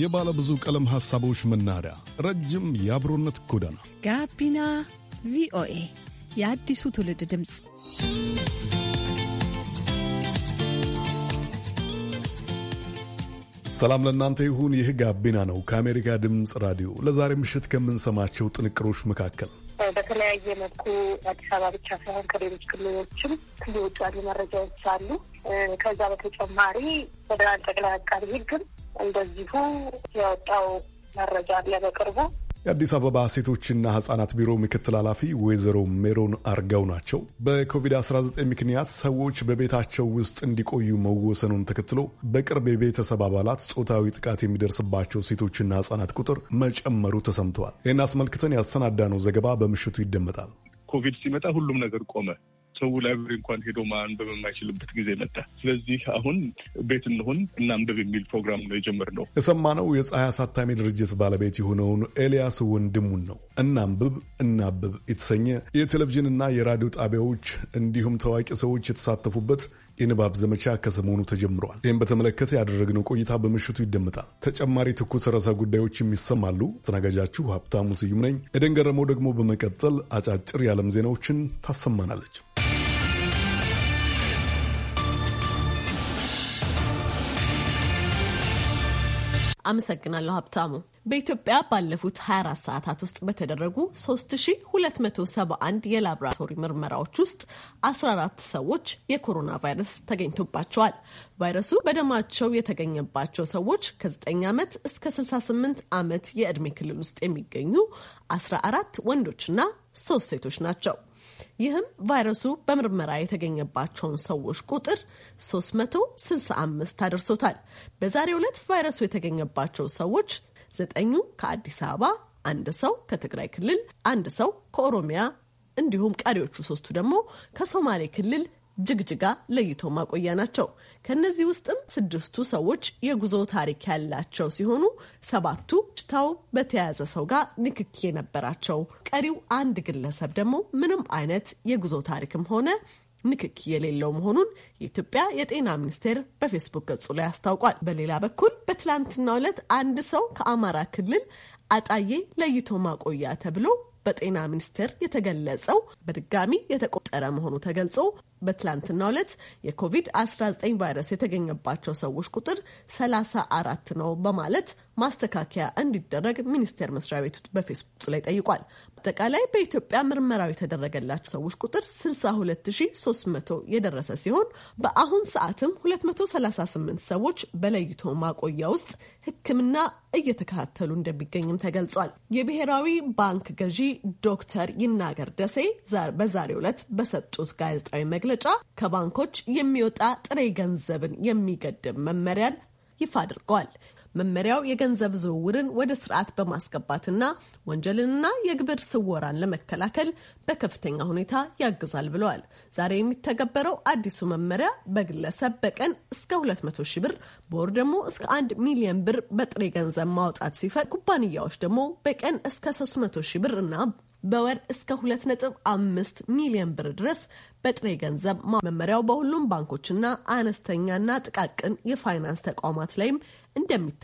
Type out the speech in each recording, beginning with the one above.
የባለ ብዙ ቀለም ሐሳቦች መናኸሪያ፣ ረጅም የአብሮነት ጎዳና ጋቢና ቪኦኤ የአዲሱ ትውልድ ድምፅ። ሰላም ለእናንተ ይሁን። ይህ ጋቢና ነው ከአሜሪካ ድምፅ ራዲዮ። ለዛሬ ምሽት ከምንሰማቸው ጥንቅሮች መካከል በተለያየ መልኩ አዲስ አበባ ብቻ ሳይሆን ከሌሎች ክልሎችም የወጡ ያሉ መረጃዎች አሉ። ከዛ በተጨማሪ ፌደራል ጠቅላይ አቃቢ ሕግም እንደዚሁ የወጣው መረጃ አለ በቅርቡ። የአዲስ አበባ ሴቶችና ህጻናት ቢሮ ምክትል ኃላፊ ወይዘሮ ሜሮን አርጋው ናቸው። በኮቪድ-19 ምክንያት ሰዎች በቤታቸው ውስጥ እንዲቆዩ መወሰኑን ተከትሎ በቅርብ የቤተሰብ አባላት ጾታዊ ጥቃት የሚደርስባቸው ሴቶችና ህጻናት ቁጥር መጨመሩ ተሰምተዋል። ይህን አስመልክተን ያሰናዳነው ዘገባ በምሽቱ ይደመጣል። ኮቪድ ሲመጣ ሁሉም ነገር ቆመ። ሰው ላይብረሪ እንኳን ሄዶ ማንበብ የማይችልበት ጊዜ መጣ። ስለዚህ አሁን ቤት እንሆን እናንበብ የሚል ፕሮግራም ነው የጀመርነው። የሰማነው የፀሐይ አሳታሚ ድርጅት ባለቤት የሆነውን ኤልያስ ወንድሙን ነው። እናንብብ እናብብ የተሰኘ የቴሌቪዥንና የራዲዮ ጣቢያዎች እንዲሁም ታዋቂ ሰዎች የተሳተፉበት የንባብ ዘመቻ ከሰሞኑ ተጀምረዋል። ይህም በተመለከተ ያደረግነው ቆይታ በምሽቱ ይደመጣል። ተጨማሪ ትኩስ ርዕሰ ጉዳዮችም ይሰማሉ። ተናጋጃችሁ ሀብታሙ ስዩም ነኝ። የደንገረመው ደግሞ በመቀጠል አጫጭር የዓለም ዜናዎችን ታሰማናለች። አመሰግናለሁ ሀብታሙ። በኢትዮጵያ ባለፉት 24 ሰዓታት ውስጥ በተደረጉ 3271 የላብራቶሪ ምርመራዎች ውስጥ 14 ሰዎች የኮሮና ቫይረስ ተገኝቶባቸዋል። ቫይረሱ በደማቸው የተገኘባቸው ሰዎች ከ9 ዓመት እስከ 68 ዓመት የዕድሜ ክልል ውስጥ የሚገኙ 14 ወንዶችና 3 ሴቶች ናቸው። ይህም ቫይረሱ በምርመራ የተገኘባቸውን ሰዎች ቁጥር 365 አድርሶታል። በዛሬው ዕለት ቫይረሱ የተገኘባቸው ሰዎች ዘጠኙ ከአዲስ አበባ፣ አንድ ሰው ከትግራይ ክልል፣ አንድ ሰው ከኦሮሚያ እንዲሁም ቀሪዎቹ ሶስቱ ደግሞ ከሶማሌ ክልል ጅግጅጋ ለይቶ ማቆያ ናቸው። ከእነዚህ ውስጥም ስድስቱ ሰዎች የጉዞ ታሪክ ያላቸው ሲሆኑ ሰባቱ ሽታው በተያያዘ ሰው ጋር ንክኪ የነበራቸው፣ ቀሪው አንድ ግለሰብ ደግሞ ምንም አይነት የጉዞ ታሪክም ሆነ ንክኪ የሌለው መሆኑን የኢትዮጵያ የጤና ሚኒስቴር በፌስቡክ ገጹ ላይ አስታውቋል። በሌላ በኩል በትላንትናው ዕለት አንድ ሰው ከአማራ ክልል አጣዬ ለይቶ ማቆያ ተብሎ በጤና ሚኒስቴር የተገለጸው በድጋሚ የተቆጠረ መሆኑ ተገልጾ በትላንትናው ዕለት የኮቪድ-19 ቫይረስ የተገኘባቸው ሰዎች ቁጥር 34 ነው በማለት ማስተካከያ እንዲደረግ ሚኒስቴር መስሪያ ቤቱ በፌስቡክ ላይ ጠይቋል። በአጠቃላይ በኢትዮጵያ ምርመራው የተደረገላቸው ሰዎች ቁጥር 62300 የደረሰ ሲሆን በአሁን ሰዓትም 238 ሰዎች በለይቶ ማቆያ ውስጥ ሕክምና እየተከታተሉ እንደሚገኝም ተገልጿል። የብሔራዊ ባንክ ገዢ ዶክተር ይናገር ደሴ በዛሬው ዕለት በሰጡት ጋዜጣዊ መግለ መግለጫ ከባንኮች የሚወጣ ጥሬ ገንዘብን የሚገድብ መመሪያን ይፋ አድርገዋል። መመሪያው የገንዘብ ዝውውርን ወደ ስርዓት በማስገባትና ወንጀልንና የግብር ስወራን ለመከላከል በከፍተኛ ሁኔታ ያግዛል ብለዋል። ዛሬ የሚተገበረው አዲሱ መመሪያ በግለሰብ በቀን እስከ 200 ሺ ብር በወር ደግሞ እስከ 1 ሚሊዮን ብር በጥሬ ገንዘብ ማውጣት ሲፈቅድ፣ ኩባንያዎች ደግሞ በቀን እስከ 300 ሺ ብር እና በወር እስከ 2.5 ሚሊዮን ብር ድረስ በጥሬ ገንዘብ መመሪያው በሁሉም ባንኮችና አነስተኛና ጥቃቅን የፋይናንስ ተቋማት ላይም እንደሚታ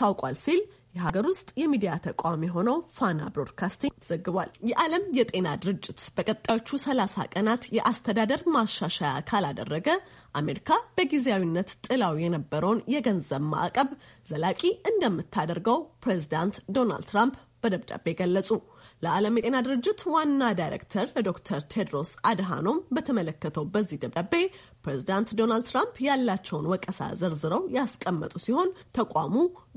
ታውቋል ሲል የሀገር ውስጥ የሚዲያ ተቋም የሆነው ፋና ብሮድካስቲንግ ዘግቧል። የዓለም የጤና ድርጅት በቀጣዮቹ ሰላሳ ቀናት የአስተዳደር ማሻሻያ ካላደረገ አሜሪካ በጊዜያዊነት ጥላው የነበረውን የገንዘብ ማዕቀብ ዘላቂ እንደምታደርገው ፕሬዚዳንት ዶናልድ ትራምፕ በደብዳቤ ገለጹ። ለዓለም የጤና ድርጅት ዋና ዳይሬክተር ለዶክተር ቴድሮስ አድሃኖም በተመለከተው በዚህ ደብዳቤ ፕሬዚዳንት ዶናልድ ትራምፕ ያላቸውን ወቀሳ ዘርዝረው ያስቀመጡ ሲሆን ተቋሙ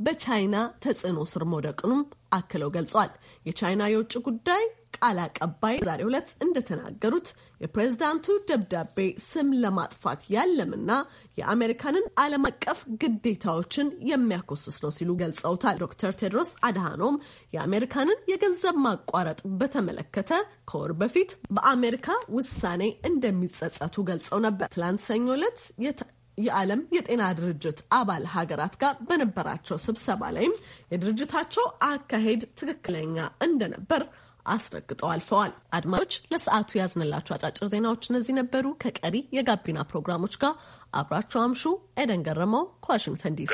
በቻይና ተጽዕኖ ስር መውደቅኑም አክለው ገልጸዋል። የቻይና የውጭ ጉዳይ ቃል አቀባይ ዛሬ ዕለት እንደተናገሩት የፕሬዝዳንቱ ደብዳቤ ስም ለማጥፋት ያለምና የአሜሪካንን ዓለም አቀፍ ግዴታዎችን የሚያኮስስ ነው ሲሉ ገልጸውታል። ዶክተር ቴድሮስ አድሃኖም የአሜሪካንን የገንዘብ ማቋረጥ በተመለከተ ከወር በፊት በአሜሪካ ውሳኔ እንደሚጸጸቱ ገልጸው ነበር። ትናንት ሰኞ ዕለት የዓለም የጤና ድርጅት አባል ሀገራት ጋር በነበራቸው ስብሰባ ላይም የድርጅታቸው አካሄድ ትክክለኛ እንደነበር አስረግጠው አልፈዋል። አድማጮች ለሰዓቱ ያዝንላችሁ አጫጭር ዜናዎች እነዚህ ነበሩ። ከቀሪ የጋቢና ፕሮግራሞች ጋር አብራችሁ አምሹ። ኤደን ገረመው ከዋሽንግተን ዲሲ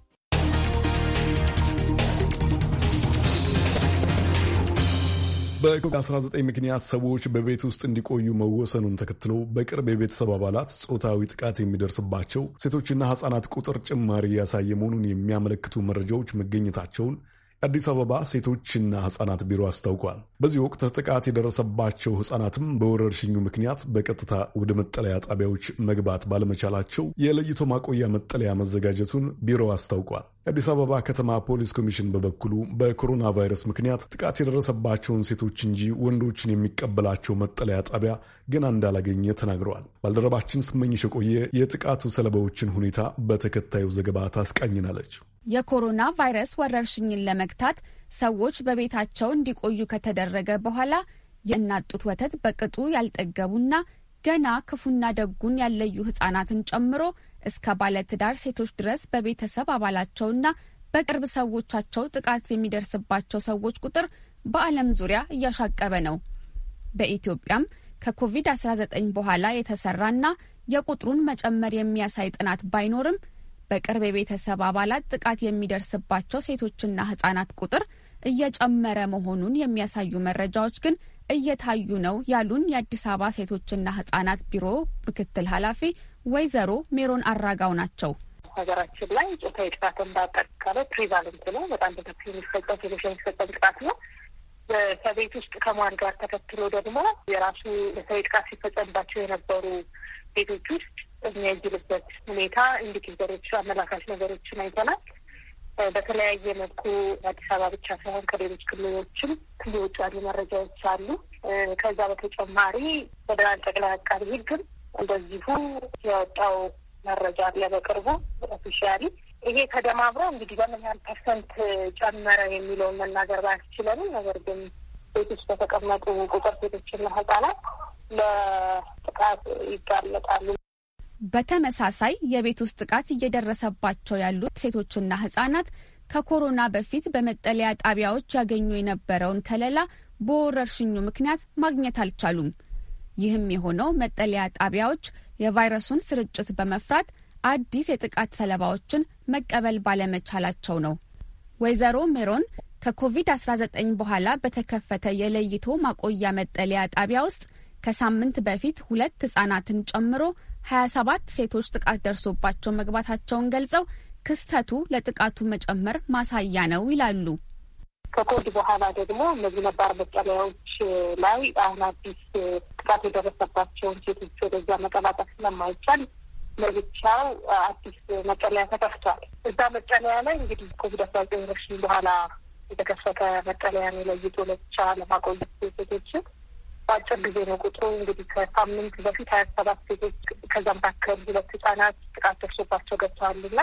በኮቪድ-19 ምክንያት ሰዎች በቤት ውስጥ እንዲቆዩ መወሰኑን ተከትሎ በቅርብ የቤተሰብ አባላት ጾታዊ ጥቃት የሚደርስባቸው ሴቶችና ሕጻናት ቁጥር ጭማሪ እያሳየ መሆኑን የሚያመለክቱ መረጃዎች መገኘታቸውን የአዲስ አበባ ሴቶችና ሕጻናት ቢሮ አስታውቋል። በዚህ ወቅት ጥቃት የደረሰባቸው ሕጻናትም በወረርሽኙ ምክንያት በቀጥታ ወደ መጠለያ ጣቢያዎች መግባት ባለመቻላቸው የለይቶ ማቆያ መጠለያ መዘጋጀቱን ቢሮ አስታውቋል። የአዲስ አበባ ከተማ ፖሊስ ኮሚሽን በበኩሉ በኮሮና ቫይረስ ምክንያት ጥቃት የደረሰባቸውን ሴቶች እንጂ ወንዶችን የሚቀበላቸው መጠለያ ጣቢያ ገና እንዳላገኘ ተናግረዋል። ባልደረባችን ስመኝሽ የቆየ የጥቃቱ ሰለባዎችን ሁኔታ በተከታዩ ዘገባ ታስቃኝናለች። የኮሮና ቫይረስ ወረርሽኝን ለመግታት ሰዎች በቤታቸው እንዲቆዩ ከተደረገ በኋላ የእናት ጡት ወተት በቅጡ ያልጠገቡና ገና ክፉና ደጉን ያለዩ ህጻናትን ጨምሮ እስከ ባለትዳር ሴቶች ድረስ በቤተሰብ አባላቸውና በቅርብ ሰዎቻቸው ጥቃት የሚደርስባቸው ሰዎች ቁጥር በዓለም ዙሪያ እያሻቀበ ነው። በኢትዮጵያም ከኮቪድ-19 በኋላ የተሰራና የቁጥሩን መጨመር የሚያሳይ ጥናት ባይኖርም በቅርብ የቤተሰብ አባላት ጥቃት የሚደርስባቸው ሴቶችና ህጻናት ቁጥር እየጨመረ መሆኑን የሚያሳዩ መረጃዎች ግን እየታዩ ነው ያሉን የአዲስ አበባ ሴቶችና ህጻናት ቢሮ ምክትል ኃላፊ ወይዘሮ ሜሮን አራጋው ናቸው። ሀገራችን ላይ ጾታዊ ጥቃትን በአጠቃላይ ፕሪቫለንት ነው። በጣም በተክሲ የሚሰጠው ቴሌቪዥን የሚሰጠው ጥቃት ነው። በሰቤት ውስጥ ከማን ጋር ተከትሎ ደግሞ የራሱ ጾታዊ ጥቃት ሲፈጸምባቸው የነበሩ ቤቶች ውስጥ የሚያይልበት ሁኔታ ኢንዲኬተሮች፣ አመላካች ነገሮችን አይተናል። በተለያየ መልኩ አዲስ አበባ ብቻ ሳይሆን ከሌሎች ክልሎችም ክልል ያሉ መረጃዎች አሉ። ከዛ በተጨማሪ ፌደራል ጠቅላይ አቃቢ ሕግም እንደዚሁ የወጣው መረጃ አለ በቅርቡ ኦፊሻሊ። ይሄ ተደማምሮ እንግዲህ በምን ያህል ፐርሰንት ጨመረ የሚለውን መናገር ባያስችለንም፣ ነገር ግን ቤት ውስጥ በተቀመጡ ቁጥር ሴቶችና ህጻናት ለጥቃት ይጋለጣሉ። በተመሳሳይ የቤት ውስጥ ጥቃት እየደረሰባቸው ያሉት ሴቶችና ህጻናት ከኮሮና በፊት በመጠለያ ጣቢያዎች ያገኙ የነበረውን ከለላ በወረርሽኙ ምክንያት ማግኘት አልቻሉም። ይህም የሆነው መጠለያ ጣቢያዎች የቫይረሱን ስርጭት በመፍራት አዲስ የጥቃት ሰለባዎችን መቀበል ባለመቻላቸው ነው። ወይዘሮ ሜሮን ከኮቪድ-19 በኋላ በተከፈተ የለይቶ ማቆያ መጠለያ ጣቢያ ውስጥ ከሳምንት በፊት ሁለት ህጻናትን ጨምሮ 27 ሴቶች ጥቃት ደርሶባቸው መግባታቸውን ገልጸው ክስተቱ ለጥቃቱ መጨመር ማሳያ ነው ይላሉ። ከኮቪድ በኋላ ደግሞ እነዚህ ነባር መጠለያዎች ላይ አሁን አዲስ ጥቃት የደረሰባቸውን ሴቶች ወደዛ መቀላቀል ስለማይቻል ለብቻው አዲስ መጠለያ ተከፍቷል። እዛ መጠለያ ላይ እንግዲህ ኮቪድ አስራ ዘጠኝ ወረርሽኝ በኋላ የተከፈተ መጠለያ ነው። ለይቶ ለብቻ ለማቆየት ሴቶችን በአጭር ጊዜ ነው ቁጥሩ እንግዲህ ከሳምንት በፊት ሀያ ሰባት ሴቶች ከዛ መካከል ሁለት ህጻናት ጥቃት ደርሶባቸው ገብተዋልና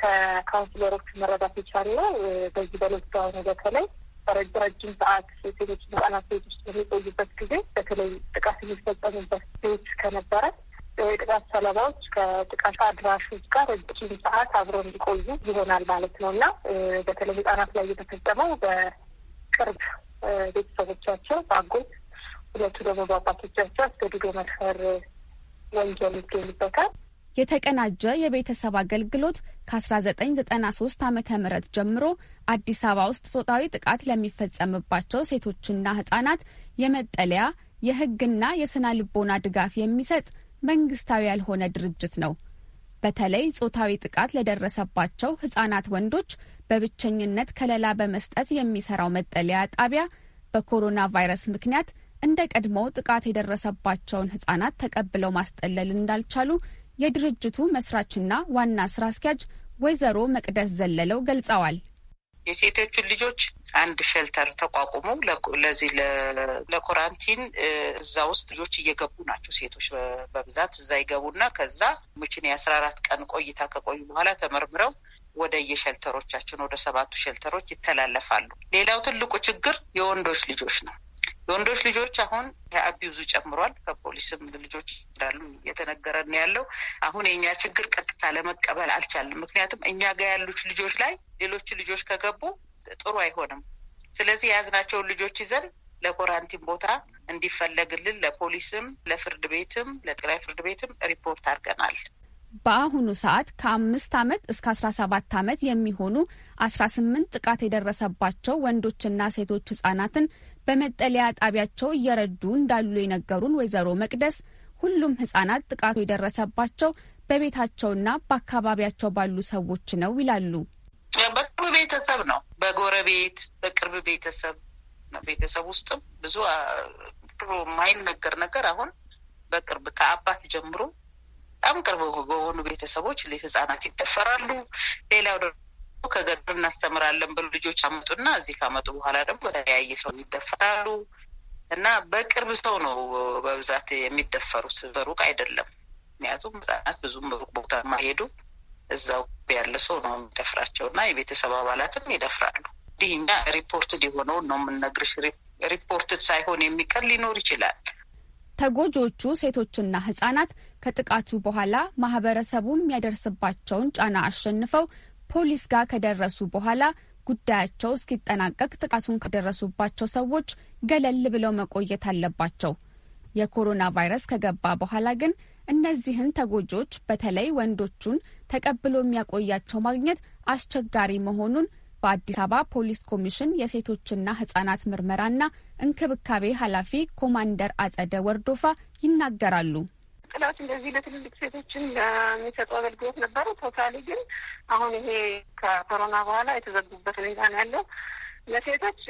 ከካውንስለሮች መረዳት የቻለው በዚህ በሎክዳውኑ በተለይ ረጅም ሰዓት ሴቶች ህጻናት ቤት ውስጥ በሚቆዩበት ጊዜ በተለይ ጥቃት የሚፈጸሙበት ቤት ከነበረ የጥቃት ሰለባዎች ከጥቃት አድራሾች ጋር ረጅም ሰዓት አብሮ እንዲቆዩ ይሆናል ማለት ነው እና በተለይ ህጻናት ላይ የተፈጸመው በቅርብ ቤተሰቦቻቸው በአጎት ሁለቱ ደግሞ በአባቶቻቸው አስገድዶ መድፈር ወንጀል ይገኝበታል። የተቀናጀ የቤተሰብ አገልግሎት ከ1993 ዓ ም ጀምሮ አዲስ አበባ ውስጥ ጾታዊ ጥቃት ለሚፈጸምባቸው ሴቶችና ህጻናት የመጠለያ የህግና የስነ ልቦና ድጋፍ የሚሰጥ መንግስታዊ ያልሆነ ድርጅት ነው። በተለይ ጾታዊ ጥቃት ለደረሰባቸው ህጻናት ወንዶች በብቸኝነት ከለላ በመስጠት የሚሰራው መጠለያ ጣቢያ በኮሮና ቫይረስ ምክንያት እንደ ቀድሞው ጥቃት የደረሰባቸውን ህጻናት ተቀብለው ማስጠለል እንዳልቻሉ የድርጅቱ መስራችና ዋና ስራ አስኪያጅ ወይዘሮ መቅደስ ዘለለው ገልጸዋል። የሴቶቹን ልጆች አንድ ሸልተር ተቋቁሞ ለዚህ ለኮራንቲን እዛ ውስጥ ልጆች እየገቡ ናቸው። ሴቶች በብዛት እዛ ይገቡና ከዛ ሙችን የአስራ አራት ቀን ቆይታ ከቆዩ በኋላ ተመርምረው ወደ የሸልተሮቻችን ወደ ሰባቱ ሸልተሮች ይተላለፋሉ። ሌላው ትልቁ ችግር የወንዶች ልጆች ነው። የወንዶች ልጆች አሁን የአቢውዙ ጨምሯል። ከፖሊስም ልጆች እንዳሉ እየተነገረ ነው ያለው። አሁን የእኛ ችግር ቀጥታ ለመቀበል አልቻልም። ምክንያቱም እኛ ጋር ያሉች ልጆች ላይ ሌሎች ልጆች ከገቡ ጥሩ አይሆንም። ስለዚህ የያዝናቸውን ልጆች ይዘን ለኮራንቲን ቦታ እንዲፈለግልን ለፖሊስም፣ ለፍርድ ቤትም፣ ለጠቅላይ ፍርድ ቤትም ሪፖርት አድርገናል። በአሁኑ ሰዓት ከአምስት ዓመት እስከ አስራ ሰባት ዓመት የሚሆኑ አስራ ስምንት ጥቃት የደረሰባቸው ወንዶችና ሴቶች ህጻናትን በመጠለያ ጣቢያቸው እየረዱ እንዳሉ የነገሩን ወይዘሮ መቅደስ ሁሉም ህጻናት ጥቃቱ የደረሰባቸው በቤታቸውና በአካባቢያቸው ባሉ ሰዎች ነው ይላሉ። በቅርብ ቤተሰብ ነው፣ በጎረቤት በቅርብ ቤተሰብ ቤተሰብ ውስጥም ብዙ ድሮ የማይነገር ነገር አሁን በቅርብ ከአባት ጀምሮ በጣም ቅርብ በሆኑ ቤተሰቦች ህጻናት ይደፈራሉ። ሌላው ደግሞ ከገጠር እናስተምራለን ብሎ ልጆች አመጡና እዚህ ካመጡ በኋላ ደግሞ በተለያየ ሰው ይደፈራሉ እና በቅርብ ሰው ነው በብዛት የሚደፈሩት፣ በሩቅ አይደለም። ምክንያቱም ህጻናት ብዙም ሩቅ ቦታ ማሄዱ እዛው ያለ ሰው ነው የሚደፍራቸው እና የቤተሰብ አባላትም ይደፍራሉ። እንዲህ እኛ ሪፖርትድ የሆነውን ነው የምንነግርሽ። ሪፖርትድ ሳይሆን የሚቀር ሊኖር ይችላል። ተጎጂዎቹ ሴቶችና ህጻናት ከጥቃቱ በኋላ ማህበረሰቡ የሚያደርስባቸውን ጫና አሸንፈው ፖሊስ ጋር ከደረሱ በኋላ ጉዳያቸው እስኪጠናቀቅ ጥቃቱን ከደረሱባቸው ሰዎች ገለል ብለው መቆየት አለባቸው። የኮሮና ቫይረስ ከገባ በኋላ ግን እነዚህን ተጎጂዎች በተለይ ወንዶቹን ተቀብሎ የሚያቆያቸው ማግኘት አስቸጋሪ መሆኑን በአዲስ አበባ ፖሊስ ኮሚሽን የሴቶችና ህጻናት ምርመራና እንክብካቤ ኃላፊ ኮማንደር አጸደ ወርዶፋ ይናገራሉ። ጥላት እንደዚህ ለትልልቅ ሴቶችን የሚሰጡ አገልግሎት ነበሩ። ቶታሊ ግን አሁን ይሄ ከኮሮና በኋላ የተዘጉበት ሁኔታ ነው ያለው። ለሴቶች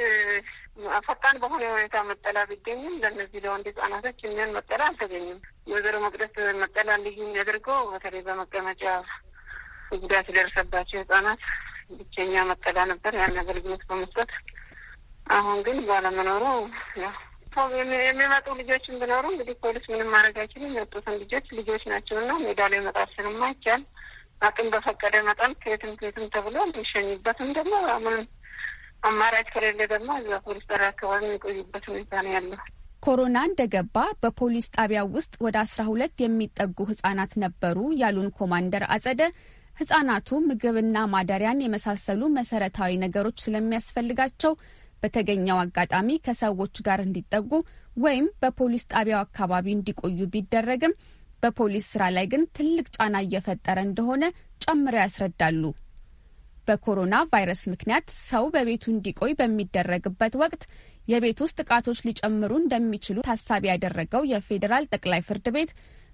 ፈጣን በሆነ ሁኔታ መጠለያ ቢገኝም ለእነዚህ ለወንድ ህጻናቶች የሚሆን መጠለያ አልተገኝም። ወይዘሮ መቅደስ መጠለያ ልዩ የሚያደርገው በተለይ በመቀመጫ ጉዳት የደረሰባቸው ህጻናት ብቸኛ መጠለያ ነበር ያን አገልግሎት በመስጠት አሁን ግን ባለመኖሩ ያው የሚመጡ ልጆችን ቢኖሩ እንግዲህ ፖሊስ ምንም ማድረግ አይችልም። የወጡትን ልጆች ልጆች ናቸው እና ሜዳ ላይ መጣት ስለማይቻል አቅም በፈቀደ መጠን ከየትም ከየትም ተብሎ የሚሸኝበትም ደግሞ ምንም አማራጭ ከሌለ ደግሞ እዛ ፖሊስ ጣቢያ አካባቢ የሚቆዩበት ሁኔታ ነው ያለው። ኮሮና እንደገባ በፖሊስ ጣቢያ ውስጥ ወደ አስራ ሁለት የሚጠጉ ህጻናት ነበሩ ያሉን ኮማንደር አጸደ ህጻናቱ ምግብና ማደሪያን የመሳሰሉ መሰረታዊ ነገሮች ስለሚያስፈልጋቸው በተገኘው አጋጣሚ ከሰዎች ጋር እንዲጠጉ ወይም በፖሊስ ጣቢያው አካባቢ እንዲቆዩ ቢደረግም በፖሊስ ስራ ላይ ግን ትልቅ ጫና እየፈጠረ እንደሆነ ጨምረው ያስረዳሉ። በኮሮና ቫይረስ ምክንያት ሰው በቤቱ እንዲቆይ በሚደረግበት ወቅት የቤት ውስጥ ጥቃቶች ሊጨምሩ እንደሚችሉ ታሳቢ ያደረገው የፌዴራል ጠቅላይ ፍርድ ቤት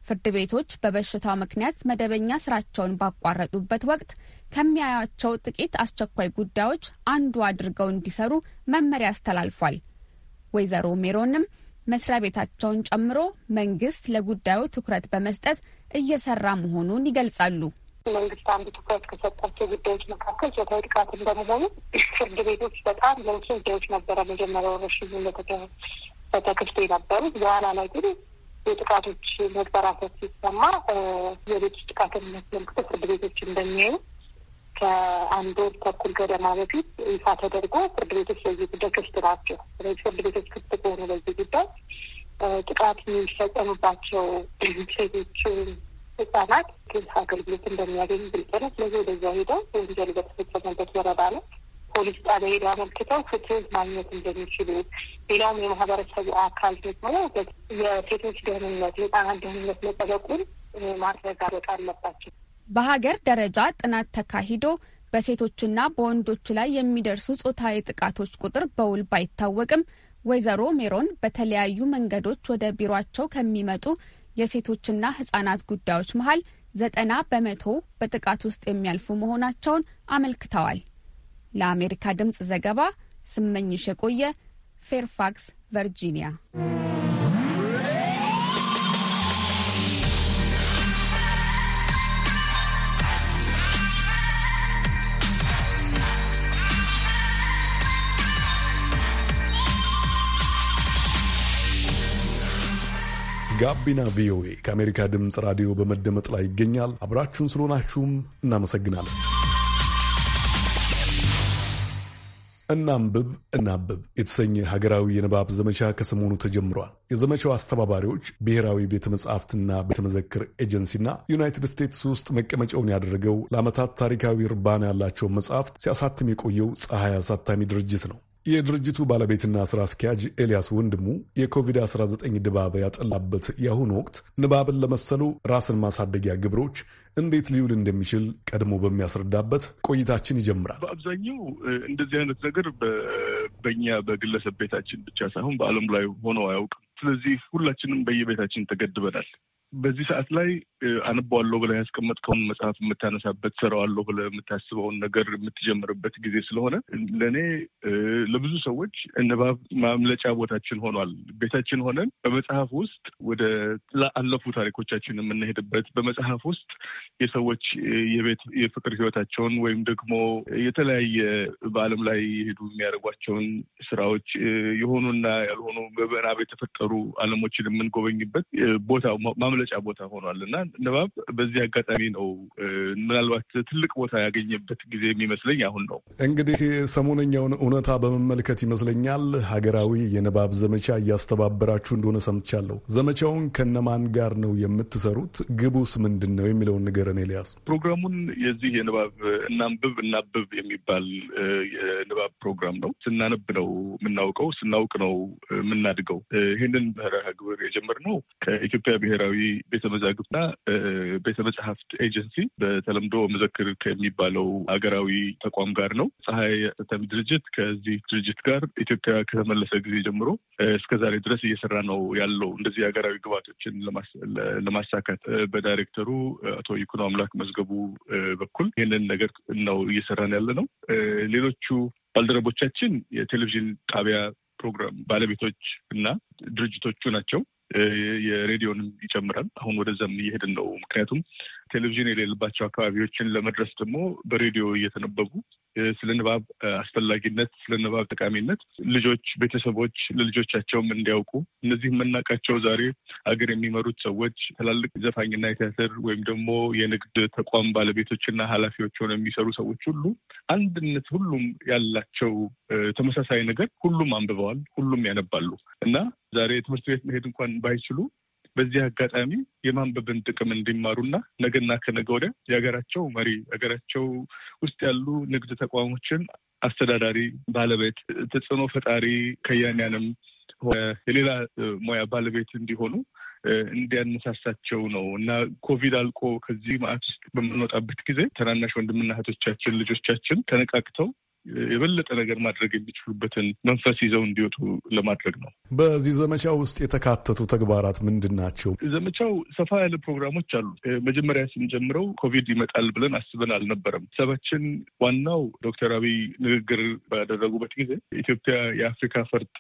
ፍርድ ቤቶች በበሽታው ምክንያት መደበኛ ስራቸውን ባቋረጡበት ወቅት ከሚያያቸው ጥቂት አስቸኳይ ጉዳዮች አንዱ አድርገው እንዲሰሩ መመሪያ አስተላልፏል። ወይዘሮ ሜሮንም መስሪያ ቤታቸውን ጨምሮ መንግስት ለጉዳዩ ትኩረት በመስጠት እየሰራ መሆኑን ይገልጻሉ። መንግስት አንዱ ትኩረት ከሰጣቸው ጉዳዮች መካከል ጾታዊ ጥቃት እንደመሆኑ ፍርድ ቤቶች በጣም ለብዙ ጉዳዮች ነበረ መጀመሪያ ወረሽ በተከፍቶ ነበሩ። በኋላ ላይ ግን የጥቃቶች መበራከት ሲሰማ የቤት ውስጥ ጥቃትን የሚያስመልክቶ ፍርድ ቤቶች እንደሚያዩ ከአንድ ወር ተኩል ገደማ በፊት ይፋ ተደርጎ ፍርድ ቤቶች በዚህ ጉዳይ ክፍት ናቸው። ስለዚህ ፍርድ ቤቶች ክፍት ከሆኑ በዚህ ጉዳይ ጥቃት የሚፈጸምባቸው ሴቶች፣ ህጻናት ግልጽ አገልግሎት እንደሚያገኝ ግልጽ ነው። ስለዚህ ወደዚያ ሄደው ወንጀል በተፈጸመበት ወረዳ ነው ፖሊስ ጣቢያ ሄደው አመልክተው ፍትህ ማግኘት እንደሚችሉ፣ ሌላውም የማህበረሰቡ አካል ደግሞ የሴቶች ደህንነት፣ የህፃናት ደህንነት መጠበቁን ማረጋገጥ አለባቸው። በሀገር ደረጃ ጥናት ተካሂዶ በሴቶችና በወንዶች ላይ የሚደርሱ ጾታዊ ጥቃቶች ቁጥር በውል ባይታወቅም ወይዘሮ ሜሮን በተለያዩ መንገዶች ወደ ቢሯቸው ከሚመጡ የሴቶችና ህጻናት ጉዳዮች መሀል ዘጠና በመቶ በጥቃት ውስጥ የሚያልፉ መሆናቸውን አመልክተዋል። ለአሜሪካ ድምፅ ዘገባ ስመኝሽ የቆየ ፌርፋክስ ቨርጂኒያ። ጋቢና ቪኦኤ ከአሜሪካ ድምፅ ራዲዮ በመደመጥ ላይ ይገኛል። አብራችሁን ስለሆናችሁም እናመሰግናለን። እናንብብ እናብብ የተሰኘ ሀገራዊ የንባብ ዘመቻ ከሰሞኑ ተጀምሯል። የዘመቻው አስተባባሪዎች ብሔራዊ ቤተ መጻሕፍትና ቤተመዘክር ኤጀንሲና ዩናይትድ ስቴትስ ውስጥ መቀመጫውን ያደረገው ለዓመታት ታሪካዊ ርባና ያላቸውን መጽሐፍት ሲያሳትም የቆየው ፀሐይ አሳታሚ ድርጅት ነው። የድርጅቱ ባለቤትና ስራ አስኪያጅ ኤልያስ ወንድሙ የኮቪድ-19 ድባብ ያጠላበት የአሁኑ ወቅት ንባብን ለመሰሉ ራስን ማሳደጊያ ግብሮች እንዴት ሊውል እንደሚችል ቀድሞ በሚያስረዳበት ቆይታችን ይጀምራል። በአብዛኛው እንደዚህ አይነት ነገር በእኛ በግለሰብ ቤታችን ብቻ ሳይሆን በዓለም ላይ ሆነው አያውቅም። ስለዚህ ሁላችንም በየቤታችን ተገድበናል። በዚህ ሰዓት ላይ አነበዋለሁ ብለህ ያስቀመጥከውን መጽሐፍ የምታነሳበት ሰራዋለሁ ብለህ የምታስበውን ነገር የምትጀምርበት ጊዜ ስለሆነ ለእኔ ለብዙ ሰዎች እንባብ ማምለጫ ቦታችን ሆኗል። ቤታችን ሆነን በመጽሐፍ ውስጥ ወደ አለፉ ታሪኮቻችን የምንሄድበት በመጽሐፍ ውስጥ የሰዎች የቤት የፍቅር ህይወታቸውን ወይም ደግሞ የተለያየ በዓለም ላይ የሄዱ የሚያደርጓቸውን ስራዎች የሆኑና ያልሆኑ በምናብ የተፈጠሩ ዓለሞችን የምንጎበኝበት ቦታ መግለጫ ቦታ ሆኗል እና ንባብ በዚህ አጋጣሚ ነው ምናልባት ትልቅ ቦታ ያገኘበት ጊዜ የሚመስለኝ አሁን ነው። እንግዲህ ሰሞነኛውን እውነታ በመመልከት ይመስለኛል ሀገራዊ የንባብ ዘመቻ እያስተባበራችሁ እንደሆነ ሰምቻለሁ። ዘመቻውን ከነማን ጋር ነው የምትሰሩት? ግቡስ ምንድን ነው የሚለውን ንገረን ኤልያስ። ፕሮግራሙን የዚህ የንባብ እናንብብ እናብብ የሚባል የንባብ ፕሮግራም ነው። ስናነብ ነው የምናውቀው፣ ስናውቅ ነው የምናድገው። ይህንን ብሔራዊ ግብር የጀመርነው ከኢትዮጵያ ብሔራዊ ቤተ መዛግብትና ቤተ ኤጀንሲ በተለምዶ መዘክር ከሚባለው ሀገራዊ ተቋም ጋር ነው። ፀሐይ አሳታሚ ድርጅት ከዚህ ድርጅት ጋር ኢትዮጵያ ከተመለሰ ጊዜ ጀምሮ እስከ ዛሬ ድረስ እየሰራ ነው ያለው እንደዚህ ሀገራዊ ግባቶችን ለማሳካት በዳይሬክተሩ አቶ ይኩኖ አምላክ መዝገቡ በኩል ይህንን ነገር ነው እየሰራን ያለ ነው። ሌሎቹ ባልደረቦቻችን የቴሌቪዥን ጣቢያ ፕሮግራም ባለቤቶች እና ድርጅቶቹ ናቸው። የሬዲዮንም ይጨምራል። አሁን ወደዛም እየሄድን ነው። ምክንያቱም ቴሌቪዥን የሌለባቸው አካባቢዎችን ለመድረስ ደግሞ በሬዲዮ እየተነበቡ ስለ ንባብ አስፈላጊነት፣ ስለ ንባብ ጠቃሚነት ልጆች፣ ቤተሰቦች ለልጆቻቸውም እንዲያውቁ እነዚህ የምናውቃቸው ዛሬ አገር የሚመሩት ሰዎች ትላልቅ ዘፋኝና የቲያትር ወይም ደግሞ የንግድ ተቋም ባለቤቶችና ኃላፊዎች ሆነው የሚሰሩ ሰዎች ሁሉ አንድነት ሁሉም ያላቸው ተመሳሳይ ነገር ሁሉም አንብበዋል፣ ሁሉም ያነባሉ እና ዛሬ ትምህርት ቤት መሄድ እንኳን ባይችሉ በዚህ አጋጣሚ የማንበብን ጥቅም እንዲማሩና ነገና ከነገ ወዲያ የሀገራቸው መሪ ሀገራቸው ውስጥ ያሉ ንግድ ተቋሞችን አስተዳዳሪ፣ ባለቤት፣ ተጽዕኖ ፈጣሪ ከያንያንም የሌላ ሙያ ባለቤት እንዲሆኑ እንዲያነሳሳቸው ነው እና ኮቪድ አልቆ ከዚህ ማዕት ውስጥ በምንወጣበት ጊዜ ታናናሽ ወንድምና እህቶቻችን ልጆቻችን ተነቃቅተው የበለጠ ነገር ማድረግ የሚችሉበትን መንፈስ ይዘው እንዲወጡ ለማድረግ ነው። በዚህ ዘመቻ ውስጥ የተካተቱ ተግባራት ምንድን ናቸው? ዘመቻው ሰፋ ያለ ፕሮግራሞች አሉ። መጀመሪያ ስንጀምረው ኮቪድ ይመጣል ብለን አስበን አልነበረም። ሰባችን ዋናው ዶክተር አብይ ንግግር ባደረጉበት ጊዜ ኢትዮጵያ የአፍሪካ ፈርጥ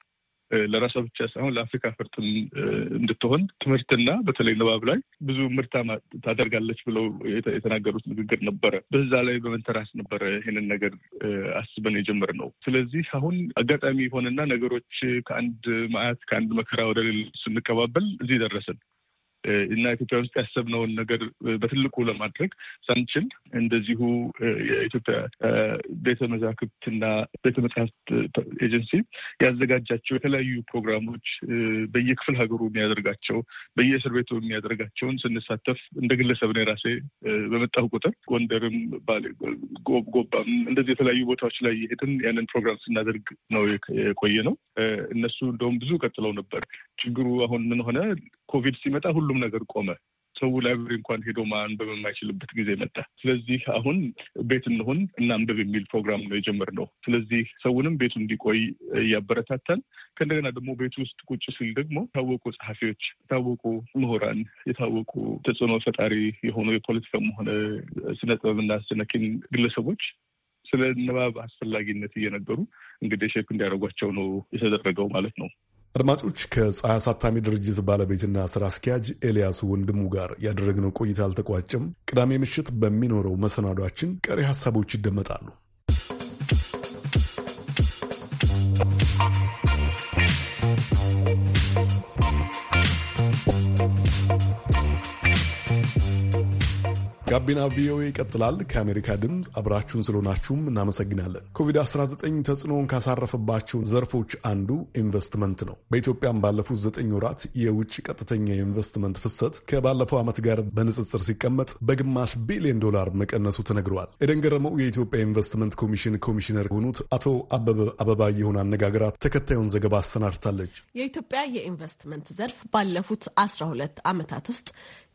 ለራሷ ብቻ ሳይሆን ለአፍሪካ ፍርጥም እንድትሆን ትምህርትና በተለይ ንባብ ላይ ብዙ ምርታማ ታደርጋለች ብለው የተናገሩት ንግግር ነበረ። በዛ ላይ በመንተራስ ነበረ ይህንን ነገር አስበን ነው። ስለዚህ አሁን አጋጣሚ የሆነና ነገሮች ከአንድ ማያት ከአንድ መከራ ወደ ሌሎች ስንቀባበል እዚህ ደረስን። እና ኢትዮጵያ ውስጥ ያሰብነውን ነገር በትልቁ ለማድረግ ሳንችል እንደዚሁ የኢትዮጵያ ቤተ መዛክብትና ቤተ መጽሐፍት ኤጀንሲ ያዘጋጃቸው የተለያዩ ፕሮግራሞች በየክፍል ሀገሩ የሚያደርጋቸው በየእስር ቤቱ የሚያደርጋቸውን ስንሳተፍ እንደ ግለሰብ ነው የራሴ በመጣሁ ቁጥር ጎንደርም፣ ጎባም እንደዚህ የተለያዩ ቦታዎች ላይ የሄድን ያንን ፕሮግራም ስናደርግ ነው የቆየ ነው። እነሱ እንደውም ብዙ ቀጥለው ነበር። ችግሩ አሁን ምን ሆነ? ኮቪድ ሲመጣ ሁሉ ሁሉም ነገር ቆመ። ሰው ላይብረሪ እንኳን ሄዶ ማንበብ የማይችልበት ጊዜ መጣ። ስለዚህ አሁን ቤት እንሁን እናንበብ የሚል ፕሮግራም ነው የጀመርነው። ስለዚህ ሰውንም ቤቱ እንዲቆይ እያበረታታን ከእንደገና ደግሞ ቤቱ ውስጥ ቁጭ ሲል ደግሞ የታወቁ ጸሐፊዎች፣ የታወቁ ምሁራን፣ የታወቁ ተጽዕኖ ፈጣሪ የሆኑ የፖለቲካም ሆነ ስነ ጥበብና ስነ ግለሰቦች ስለ ንባብ አስፈላጊነት እየነገሩ እንግዲህ ሼፕ እንዲያደርጓቸው ነው የተደረገው ማለት ነው። አድማጮች ከፀሐይ አሳታሚ ድርጅት ባለቤትና ስራ አስኪያጅ ኤልያስ ወንድሙ ጋር ያደረግነው ቆይታ አልተቋጨም። ቅዳሜ ምሽት በሚኖረው መሰናዷችን ቀሪ ሀሳቦች ይደመጣሉ። ጋቢና ቪኦኤ ይቀጥላል። ከአሜሪካ ድምፅ አብራችሁን ስለሆናችሁም እናመሰግናለን። ኮቪድ-19 ተጽዕኖውን ካሳረፈባቸው ዘርፎች አንዱ ኢንቨስትመንት ነው። በኢትዮጵያም ባለፉት ዘጠኝ ወራት የውጭ ቀጥተኛ የኢንቨስትመንት ፍሰት ከባለፈው ዓመት ጋር በንጽጽር ሲቀመጥ በግማሽ ቢሊዮን ዶላር መቀነሱ ተነግረዋል። ኤደን ገረመው የኢትዮጵያ ኢንቨስትመንት ኮሚሽን ኮሚሽነር የሆኑት አቶ አበበ አበባ የሆነ አነጋገራት ተከታዩን ዘገባ አሰናድታለች። የኢትዮጵያ የኢንቨስትመንት ዘርፍ ባለፉት 12 ዓመታት ውስጥ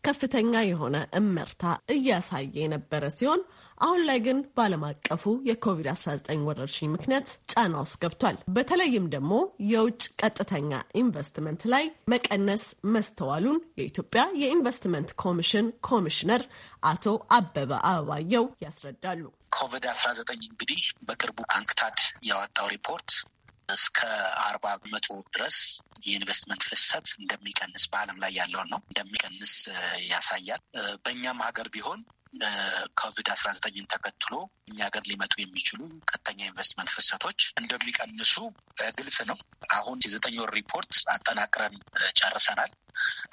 ከፍተኛ የሆነ እመርታ እያሳየ የነበረ ሲሆን አሁን ላይ ግን በዓለም አቀፉ የኮቪድ-19 ወረርሽኝ ምክንያት ጫና ውስጥ ገብቷል። በተለይም ደግሞ የውጭ ቀጥተኛ ኢንቨስትመንት ላይ መቀነስ መስተዋሉን የኢትዮጵያ የኢንቨስትመንት ኮሚሽን ኮሚሽነር አቶ አበበ አበባየው ያስረዳሉ። ኮቪድ-19 እንግዲህ በቅርቡ አንክታድ ያወጣው ሪፖርት እስከ አርባ መቶ ድረስ የኢንቨስትመንት ፍሰት እንደሚቀንስ በዓለም ላይ ያለውን ነው እንደሚቀንስ ያሳያል። በእኛም ሀገር ቢሆን ኮቪድ አስራ ዘጠኝን ተከትሎ እኛ ሀገር ሊመጡ የሚችሉ ቀጥተኛ ኢንቨስትመንት ፍሰቶች እንደሚቀንሱ ግልጽ ነው። አሁን የዘጠኝ ወር ሪፖርት አጠናቅረን ጨርሰናል።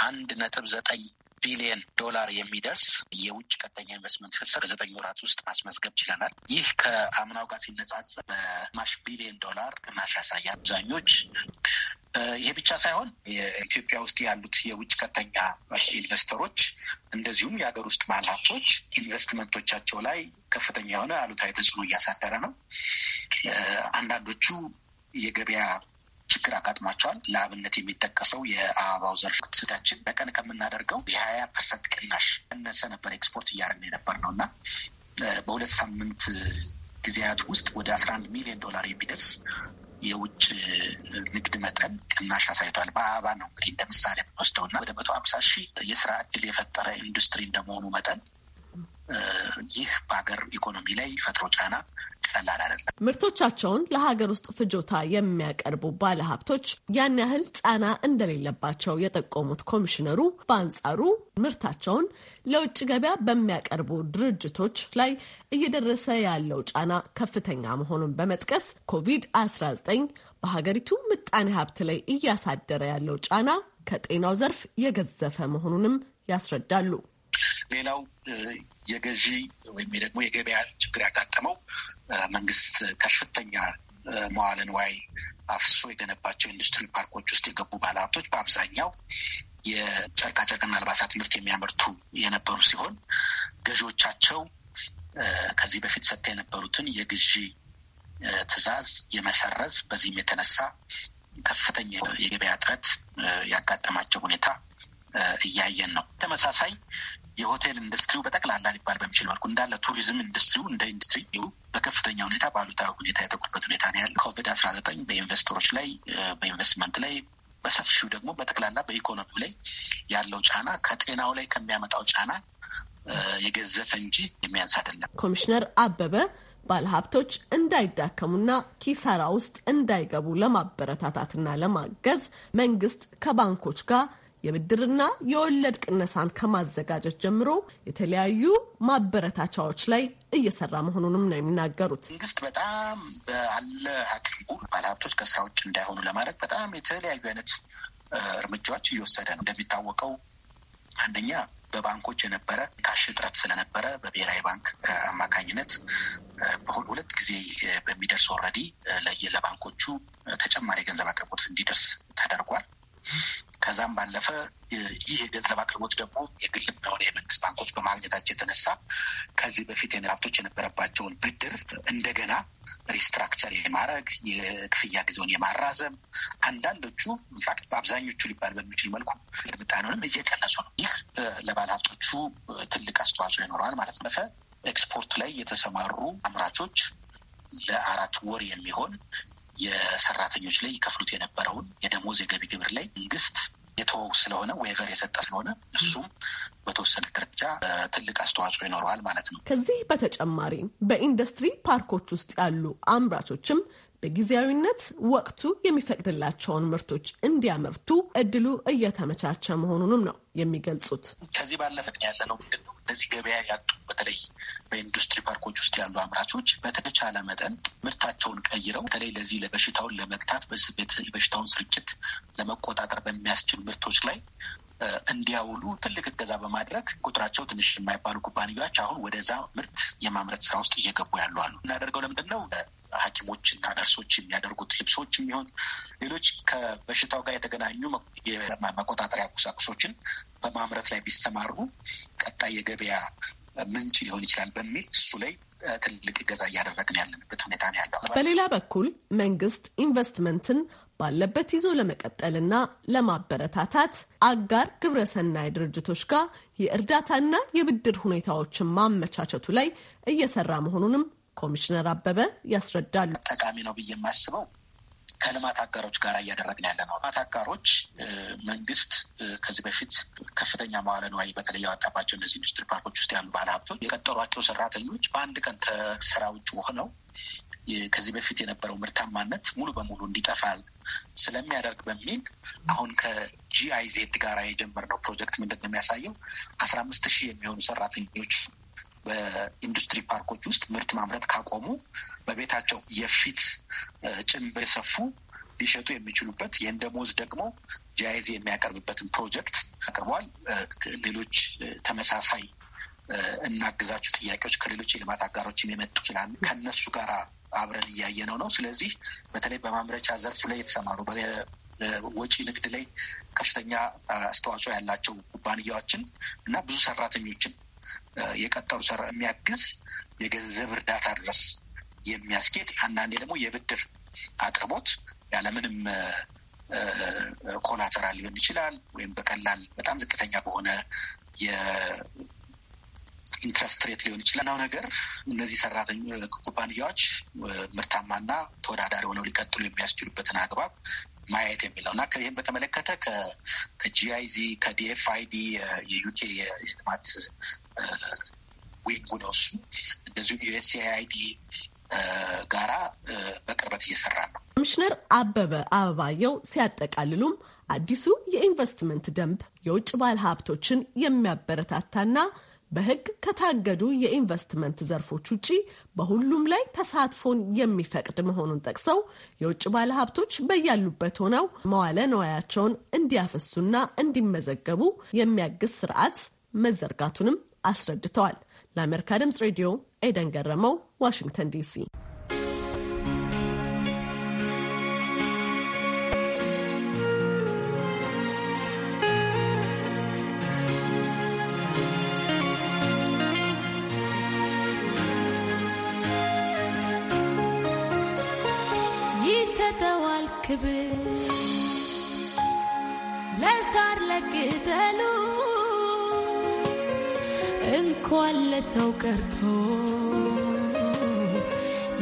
አንድ ነጥብ ዘጠኝ ቢሊዮን ዶላር የሚደርስ የውጭ ቀጥተኛ ኢንቨስትመንት ፍሰት በዘጠኝ ወራት ውስጥ ማስመዝገብ ችለናል። ይህ ከአምናው ጋር ሲነጻጸር በማሽ ቢሊየን ዶላር ቅናሽ ያሳያል። አብዛኞች ይሄ ብቻ ሳይሆን የኢትዮጵያ ውስጥ ያሉት የውጭ ቀጥተኛ ኢንቨስተሮች እንደዚሁም የሀገር ውስጥ ባለ ሀብቶች ኢንቨስትመንቶቻቸው ላይ ከፍተኛ የሆነ አሉታዊ ተጽዕኖ እያሳደረ ነው። አንዳንዶቹ የገበያ ችግር አጋጥሟቸዋል። ለአብነት የሚጠቀሰው የአበባው ዘርፍ ስዳችን በቀን ከምናደርገው የሀያ ፐርሰንት ቅናሽ እነሰ ነበር ኤክስፖርት እያደረግን የነበር ነው እና በሁለት ሳምንት ጊዜያት ውስጥ ወደ አስራ አንድ ሚሊዮን ዶላር የሚደርስ የውጭ ንግድ መጠን ቅናሽ አሳይቷል። በአበባ ነው እንግዲህ እንደ ምሳሌ ወስደውና ወደ መቶ ሀምሳ ሺህ የስራ እድል የፈጠረ ኢንዱስትሪ እንደመሆኑ መጠን ይህ በሀገር ኢኮኖሚ ላይ ፈጥሮ ጫና ቀላል አይደለም። ምርቶቻቸውን ለሀገር ውስጥ ፍጆታ የሚያቀርቡ ባለሀብቶች ያን ያህል ጫና እንደሌለባቸው የጠቆሙት ኮሚሽነሩ በአንጻሩ ምርታቸውን ለውጭ ገበያ በሚያቀርቡ ድርጅቶች ላይ እየደረሰ ያለው ጫና ከፍተኛ መሆኑን በመጥቀስ ኮቪድ-19 በሀገሪቱ ምጣኔ ሀብት ላይ እያሳደረ ያለው ጫና ከጤናው ዘርፍ የገዘፈ መሆኑንም ያስረዳሉ። ሌላው የገዢ ወይም ደግሞ የገበያ ችግር ያጋጠመው መንግስት ከፍተኛ መዋለ ንዋይ አፍሶ የገነባቸው ኢንዱስትሪ ፓርኮች ውስጥ የገቡ ባለሀብቶች በአብዛኛው የጨርቃጨርቅና አልባሳት ምርት የሚያመርቱ የነበሩ ሲሆን ገዢዎቻቸው ከዚህ በፊት ሰጥተው የነበሩትን የግዢ ትዕዛዝ የመሰረዝ በዚህም የተነሳ ከፍተኛ የገበያ እጥረት ያጋጠማቸው ሁኔታ እያየን ነው። ተመሳሳይ የሆቴል ኢንዱስትሪው በጠቅላላ ሊባል በሚችል መልኩ እንዳለ ቱሪዝም ኢንዱስትሪው እንደ ኢንዱስትሪ በከፍተኛ ሁኔታ በአሉታዊ ሁኔታ የተጎዳበት ሁኔታ ነው ያለ ኮቪድ አስራ ዘጠኝ በኢንቨስተሮች ላይ በኢንቨስትመንት ላይ በሰፊው ደግሞ በጠቅላላ በኢኮኖሚው ላይ ያለው ጫና ከጤናው ላይ ከሚያመጣው ጫና የገዘፈ እንጂ የሚያንስ አይደለም። ኮሚሽነር አበበ ባለሀብቶች እንዳይዳከሙና ኪሳራ ውስጥ እንዳይገቡ ለማበረታታትና ለማገዝ መንግስት ከባንኮች ጋር የብድርና የወለድ ቅነሳን ከማዘጋጀት ጀምሮ የተለያዩ ማበረታቻዎች ላይ እየሰራ መሆኑንም ነው የሚናገሩት። መንግስት በጣም በአለ አቅሙ ባለሀብቶች ከስራ ውጭ እንዳይሆኑ ለማድረግ በጣም የተለያዩ አይነት እርምጃዎች እየወሰደ ነው። እንደሚታወቀው አንደኛ በባንኮች የነበረ ካሽ እጥረት ስለነበረ በብሔራዊ ባንክ አማካኝነት ሁለት ጊዜ በሚደርስ ኦልሬዲ ለባንኮቹ ተጨማሪ የገንዘብ አቅርቦት እንዲደርስ ተደርጓል። ከዛም ባለፈ ይህ የገንዘብ አቅርቦት ደግሞ የግልም ሆነ የመንግስት ባንኮች በማግኘታቸው የተነሳ ከዚህ በፊት ሀብቶች የነበረባቸውን ብድር እንደገና ሪስትራክቸር የማድረግ የክፍያ ጊዜውን የማራዘም አንዳንዶቹ ኢንፋክት በአብዛኞቹ ሊባል በሚችል መልኩ ምጣኔውንም እየቀነሱ ነው። ይህ ለባለ ሀብቶቹ ትልቅ አስተዋጽኦ ይኖረዋል ማለት ነው። ኤክስፖርት ላይ የተሰማሩ አምራቾች ለአራት ወር የሚሆን የሰራተኞች ላይ ይከፍሉት የነበረውን የደሞዝ የገቢ ግብር ላይ መንግስት የተወው ስለሆነ ዌቨር የሰጠ ስለሆነ እሱም በተወሰነ ደረጃ ትልቅ አስተዋጽኦ ይኖረዋል ማለት ነው። ከዚህ በተጨማሪ በኢንዱስትሪ ፓርኮች ውስጥ ያሉ አምራቾችም በጊዜያዊነት ወቅቱ የሚፈቅድላቸውን ምርቶች እንዲያመርቱ እድሉ እየተመቻቸ መሆኑንም ነው የሚገልጹት። ከዚህ ባለፈ ያለ ነው ምንድን ነው ለዚህ ገበያ ያጡ በተለይ በኢንዱስትሪ ፓርኮች ውስጥ ያሉ አምራቾች በተቻለ መጠን ምርታቸውን ቀይረው በተለይ ለዚህ በሽታውን ለመግታት የበሽታውን ስርጭት ለመቆጣጠር በሚያስችል ምርቶች ላይ እንዲያውሉ ትልቅ እገዛ በማድረግ ቁጥራቸው ትንሽ የማይባሉ ኩባንያዎች አሁን ወደዛ ምርት የማምረት ስራ ውስጥ እየገቡ ያሉ አሉ። እናደርገው ለምንድን ነው ሐኪሞች እና ነርሶች የሚያደርጉት ልብሶች የሚሆን ሌሎች ከበሽታው ጋር የተገናኙ መቆጣጠሪያ ቁሳቁሶችን በማምረት ላይ ቢሰማሩ ቀጣይ የገበያ ምንጭ ሊሆን ይችላል በሚል እሱ ላይ ትልቅ እገዛ እያደረግን ያለንበት ሁኔታ ነው ያለው። በሌላ በኩል መንግስት ኢንቨስትመንትን ባለበት ይዞ ለመቀጠልና ለማበረታታት አጋር ግብረሰናይ ድርጅቶች ጋር የእርዳታና የብድር ሁኔታዎችን ማመቻቸቱ ላይ እየሰራ መሆኑንም ኮሚሽነር አበበ ያስረዳሉ። ጠቃሚ ነው ብዬ የማስበው ከልማት አጋሮች ጋር እያደረግን ያለ ነው። ልማት አጋሮች መንግስት ከዚህ በፊት ከፍተኛ መዋለ ንዋይ በተለይ ያወጣባቸው እነዚህ ኢንዱስትሪ ፓርኮች ውስጥ ያሉ ባለሀብቶች የቀጠሯቸው ሰራተኞች በአንድ ቀን ከስራ ውጭ ሆነው ከዚህ በፊት የነበረው ምርታማነት ሙሉ በሙሉ እንዲጠፋል ስለሚያደርግ በሚል አሁን ከጂአይዜድ ጋር የጀመርነው ፕሮጀክት ምንድን ነው የሚያሳየው አስራ አምስት ሺህ የሚሆኑ ሰራተኞች በኢንዱስትሪ ፓርኮች ውስጥ ምርት ማምረት ካቆሙ በቤታቸው የፊት ጭንብር የሰፉ ሊሸጡ የሚችሉበት ይህን ደሞዝ ደግሞ ጃይዝ የሚያቀርብበትን ፕሮጀክት አቅርቧል። ሌሎች ተመሳሳይ እናግዛችሁ ጥያቄዎች ከሌሎች የልማት አጋሮችም የመጡ ይችላል። ከነሱ ጋር አብረን እያየነው ነው። ስለዚህ በተለይ በማምረቻ ዘርፍ ላይ የተሰማሩ ወጪ ንግድ ላይ ከፍተኛ አስተዋጽኦ ያላቸው ኩባንያዎችን እና ብዙ ሰራተኞችን የቀጠሩ ሰራ የሚያግዝ የገንዘብ እርዳታ ድረስ የሚያስኬድ አንዳንዴ ደግሞ የብድር አቅርቦት ያለምንም ኮላተራል ሊሆን ይችላል ወይም በቀላል በጣም ዝቅተኛ በሆነ የኢንትረስት ሬት ሊሆን ይችላል። ናው ነገር እነዚህ ሰራተኞች ኩባንያዎች ምርታማና ተወዳዳሪ ሆነው ሊቀጥሉ የሚያስችሉበትን አግባብ ማየት የሚለው እና ይህም በተመለከተ ከጂአይዚ ከዲኤፍአይዲ የዩኬ የልማት ወይም ጉዶሱ እንደዚሁም ዩኤስኤአይዲ ጋራ በቅርበት እየሰራ ነው። ኮሚሽነር አበበ አበባየው ሲያጠቃልሉም አዲሱ የኢንቨስትመንት ደንብ የውጭ ባለ ሀብቶችን የሚያበረታታና በሕግ ከታገዱ የኢንቨስትመንት ዘርፎች ውጪ በሁሉም ላይ ተሳትፎን የሚፈቅድ መሆኑን ጠቅሰው የውጭ ባለሀብቶች በያሉበት ሆነው መዋለ ነዋያቸውን እንዲያፈሱና እንዲመዘገቡ የሚያግዝ ስርዓት መዘርጋቱንም አስረድተዋል። ለአሜሪካ ድምፅ ሬዲዮ ኤደን ገረመው፣ ዋሽንግተን ዲሲ ለሰው ቀርቶ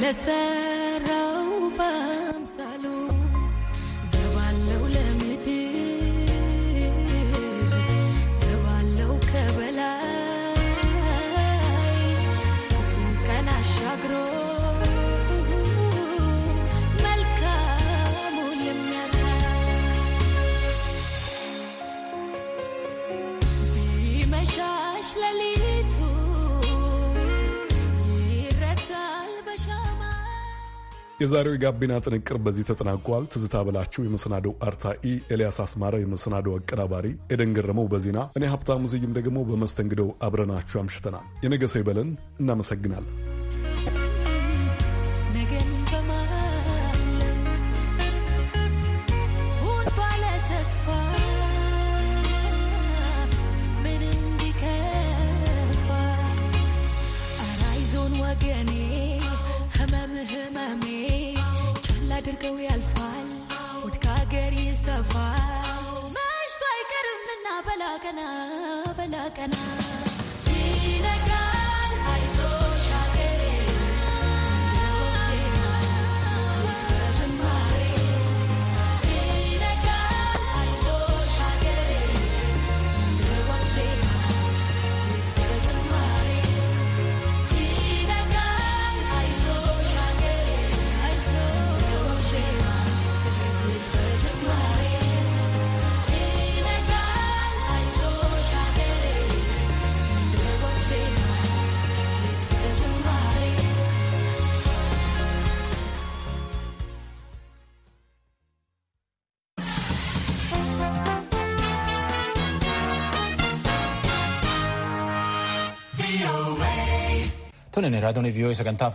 ለሰው የዛሬው የጋቢና ጥንቅር በዚህ ተጠናቋል። ትዝታ በላችሁ የመሰናዶው አርታኢ፣ ኤልያስ አስማረ የመሰናደው አቀናባሪ፣ ኤደን ገረመው በዜና እኔ ሀብታሙ ስዩም ደግሞ በመስተንግደው አብረናችሁ አምሽተናል። የነገ ሰው ይበለን። እናመሰግናለን። ጠፋ መሽቶ እና በላቀና በላቀና con Enerato Nebbiosa cantava